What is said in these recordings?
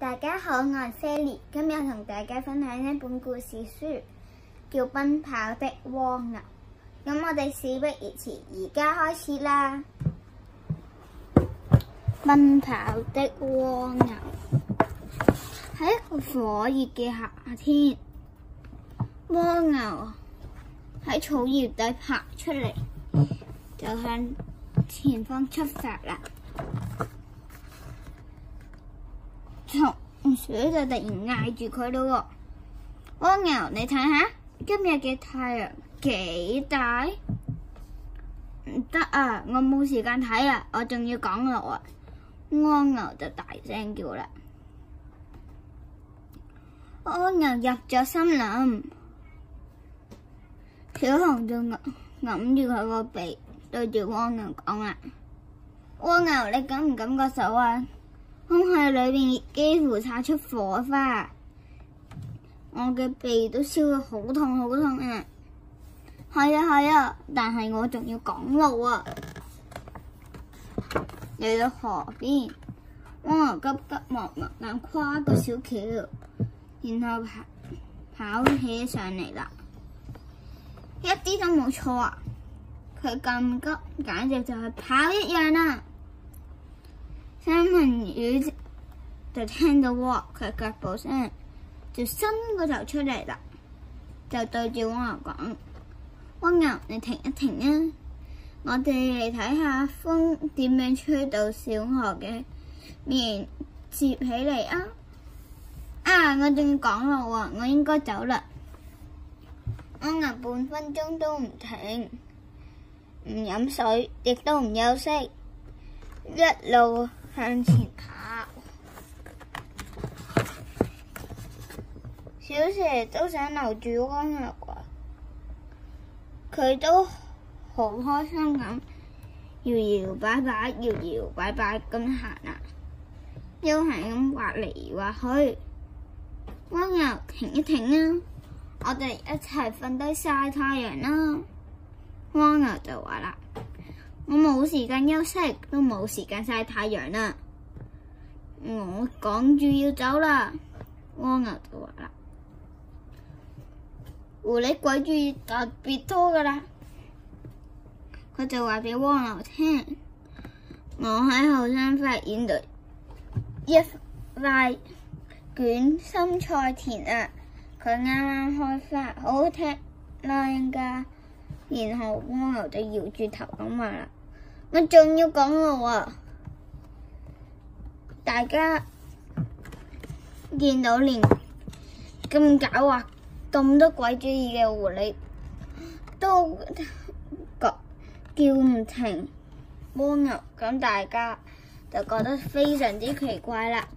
大家好，我係 Sally，今日同大家分享一本故事書，叫《奔跑的蝸牛》。咁我哋事不宜遲，而家開始啦！奔跑的蝸牛。喺一個火熱嘅夏天，蝸牛喺草葉底爬出嚟，就向前方出發啦。小熊就突然嗌住佢咯，蝸牛，你睇下今日嘅太陽幾大？唔得啊，我冇時間睇啦，我仲要趕路啊。蝸牛就大聲叫啦。蝸牛入咗森林，小熊就揞住佢個鼻，對住蝸牛講啦：蝸牛，你敢唔敢個手啊？空氣裏面幾乎擦出火花，我嘅鼻都燒到好痛好痛啊！係呀係呀，但係我仲要趕路啊！嚟到河邊，我急急忙忙跨過小橋，然後跑跑起上嚟啦，一啲都冇錯啊！佢咁急，簡直就係跑一樣啊！三文魚就聽到喎，佢腳步聲就伸個頭出嚟啦，就對住蝸牛講：蝸牛，你停一停啊！我哋嚟睇下風點樣吹到小河嘅面皺起嚟啊！啊，我仲要講咯喎，我應該走啦。蝸牛半分鐘都唔停，唔飲水亦都唔休息，一路。向前跑，小蛇都想留住蝸牛啊！佢都好開心咁搖搖擺擺，搖搖擺擺咁行啊，悠閒咁滑嚟滑去。蝸牛停一停啊！我哋一齊瞓低曬太陽啦！蝸牛就話啦。我冇時間休息，都冇時間曬太陽啦。我趕住要走啦。蝸牛就話啦，狐狸鬼住特別多噶啦。佢就話畀蝸牛聽，我喺後山發現到一塊捲心菜田啊。佢啱啱開發，好靚噶。然後蝸牛就搖住頭咁話啦。我仲要講我喎，大家見到連咁狡猾、咁多鬼主意嘅狐狸都個叫唔停蝸牛，咁大家就覺得非常之奇怪啦。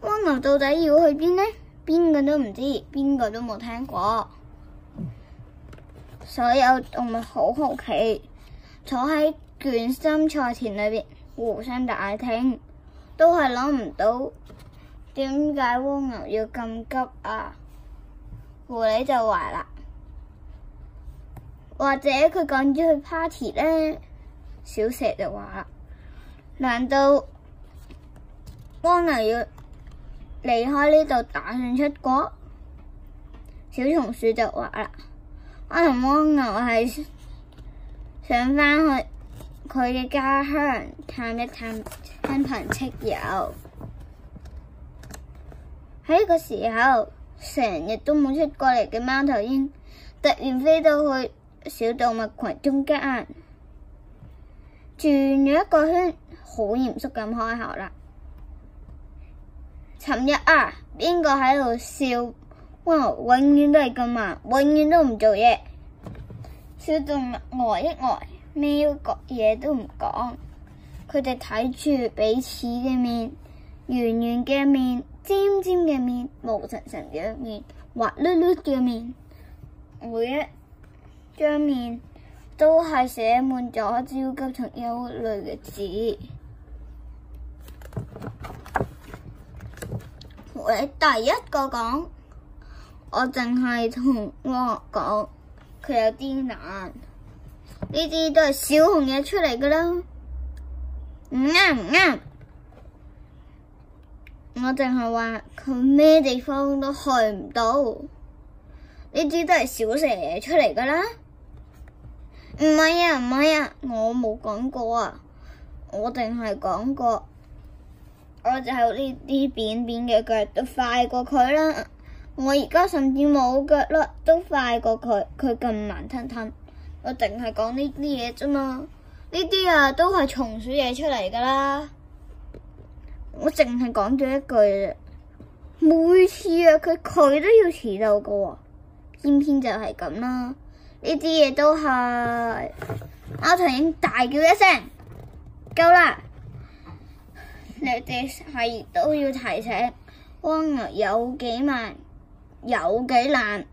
蝸牛到底要去邊呢？邊個都唔知，邊個都冇聽過。所有動物好好奇。坐喺捲心菜田裏邊，互相打聽，都係諗唔到點解蝸牛要咁急啊！狐狸就話啦，或者佢趕住去 party 咧。小蛇就話啦，難道蝸牛要離開呢度，打算出國？小松鼠就話啦，我同蝸牛係想返去佢嘅家鄉探一探親朋戚友。喺個時候，成日都冇出過嚟嘅貓頭鷹，突然飛到去小動物群中間，轉咗一個圈，好嚴肅咁開口啦。尋日啊，邊個喺度笑？哇，永遠都係咁啊，永遠都唔做嘢。小動物呆一呆，咩嘢都唔講，佢哋睇住彼此嘅面，圓圓嘅面，尖尖嘅面，毛層層嘅面，滑溜溜嘅面，每一張面都係寫滿咗焦急同憂慮嘅字。我喺第一個講，我淨係同我講。佢有啲難，呢啲都係小紅嘢，出嚟噶啦，唔啱唔啱？我淨係話佢咩地方都去唔到，呢啲都係小蛇出嚟噶啦，唔係啊唔係啊，我冇講過啊，我淨係講過，我淨係呢啲扁扁嘅腳都快過佢啦。我而家甚至冇腳啦，都快過佢，佢咁慢吞吞。我淨係講呢啲嘢啫嘛，呢啲啊都係松鼠嘢出嚟噶啦。我淨係講咗一句啫，每次啊佢佢都要遲到個、啊，偏偏就係咁啦。呢啲嘢都係阿婷大叫一聲，夠啦！你哋係都要提醒蝸牛、啊、有幾慢。有幾難。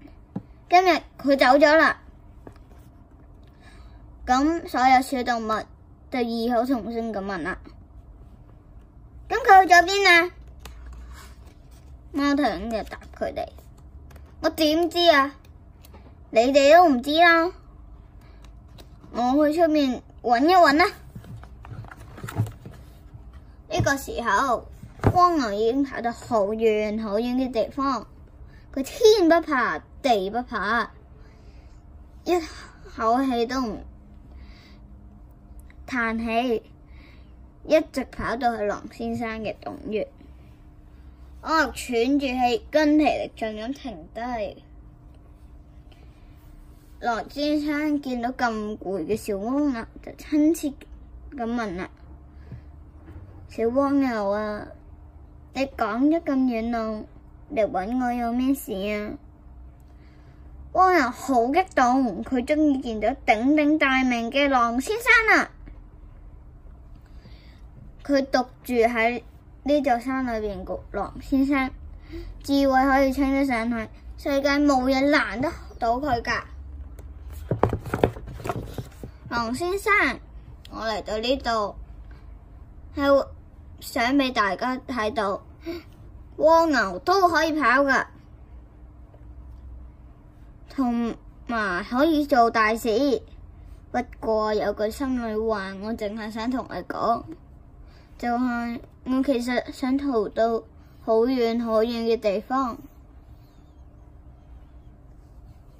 今日佢走咗啦，咁所有小動物就異口同聲咁問啦：咁佢去咗邊啊？貓頭鷹就答佢哋：我點知啊？你哋都唔知啦。我去出面搵一搵啦。呢個時候，蝸牛已經跑到好遠好遠嘅地方。佢天不怕地不怕，一口氣都唔嘆氣，一直跑到去狼先生嘅洞穴，我、哦、喘住氣，筋疲力盡咁停低。狼先生見到咁攰嘅小蝸牛、啊，就親切咁問啦、啊：小蝸牛啊，你講咗咁遠咯？你揾我有咩事啊？蝸牛好激動，佢終於見到鼎鼎大名嘅狼先生啦！佢獨住喺呢座山裏邊，個狼先生智慧可以稱得上係世界冇人難得到佢㗎。狼先生，我嚟到呢度係想俾大家睇到。蝸牛都可以跑噶，同埋可以做大事。不過有句心裏話，我淨係想同你講，就係、是、我其實想逃到好遠好遠嘅地方。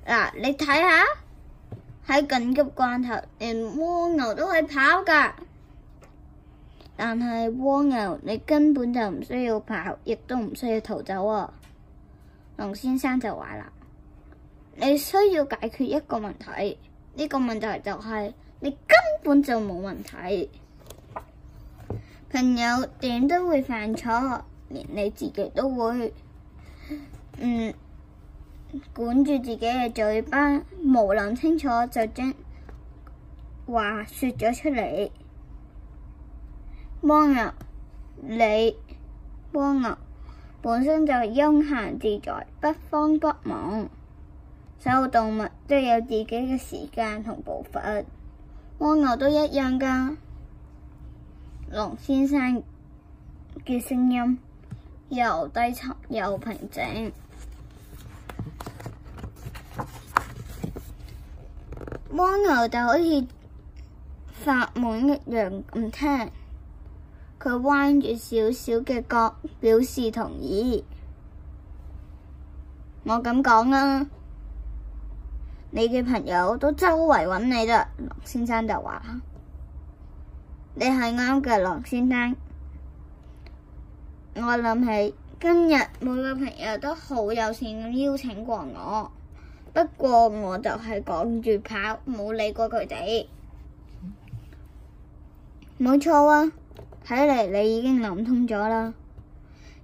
嗱、啊，你睇下，喺緊急關頭，連蝸牛都可以跑噶。但係蝸牛，你根本就唔需要跑，亦都唔需要逃走啊！龍先生就話啦：你需要解決一個問題，呢個問題就係你根本就冇問題。朋友點都會犯錯，連你自己都會，嗯，管住自己嘅嘴巴，冇諗清楚就將話說咗出嚟。蝸牛，你蝸牛本身就悠閒自在，不慌不忙。所有動物都有自己嘅時間同步伐，蝸牛都一樣噶。龍先生嘅聲音又低沉又平靜，蝸牛就好似發夢一樣唔聽。佢彎住少少嘅角，表示同意。我咁講啦，你嘅朋友都周圍揾你啦。狼先生就話：你係啱嘅，狼先生。我諗起今日每個朋友都好友善咁邀請過我，不過我就係趕住跑，冇理過佢哋。冇錯啊！睇嚟你已經諗通咗啦，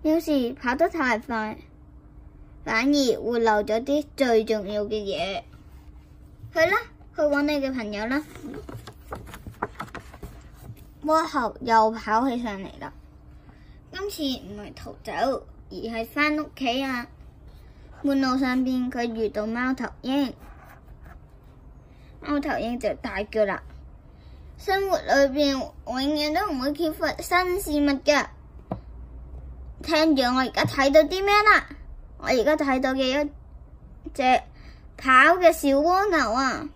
有時跑得太快，反而會漏咗啲最重要嘅嘢。去啦，去搵你嘅朋友啦。魔猴又跑起上嚟啦，今次唔係逃走，而係翻屋企啊！半路上邊佢遇到貓頭鷹，貓頭鷹就大叫啦。生活裏面永遠都唔會缺乏新事物嘅。聽住我而家睇到啲咩啦？我而家睇到嘅一隻跑嘅小蝸牛啊！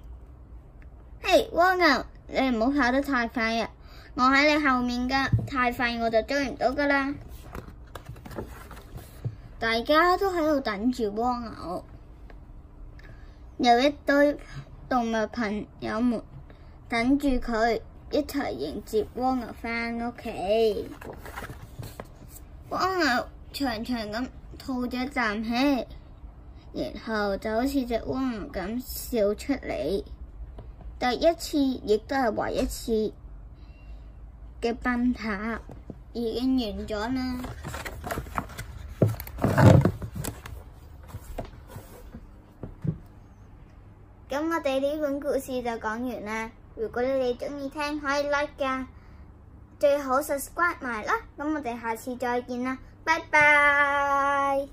嘿，蝸牛，你唔好跑得太快啊！我喺你後面噶太快我就追唔到噶啦大家都喺度等住蝸牛，有一堆動物朋友們。等住佢一齊迎接蝸牛翻屋企。蝸牛長長咁吐咗啖氣，然後就好似隻蝸牛咁笑出嚟。第一次亦都係唯一次嘅奔跑已經完咗啦。咁我哋呢本故事就講完啦。如果你哋鍾意聽，可以 like 㗎，最好 subscribe 埋啦。咁我哋下次再見啦，拜拜。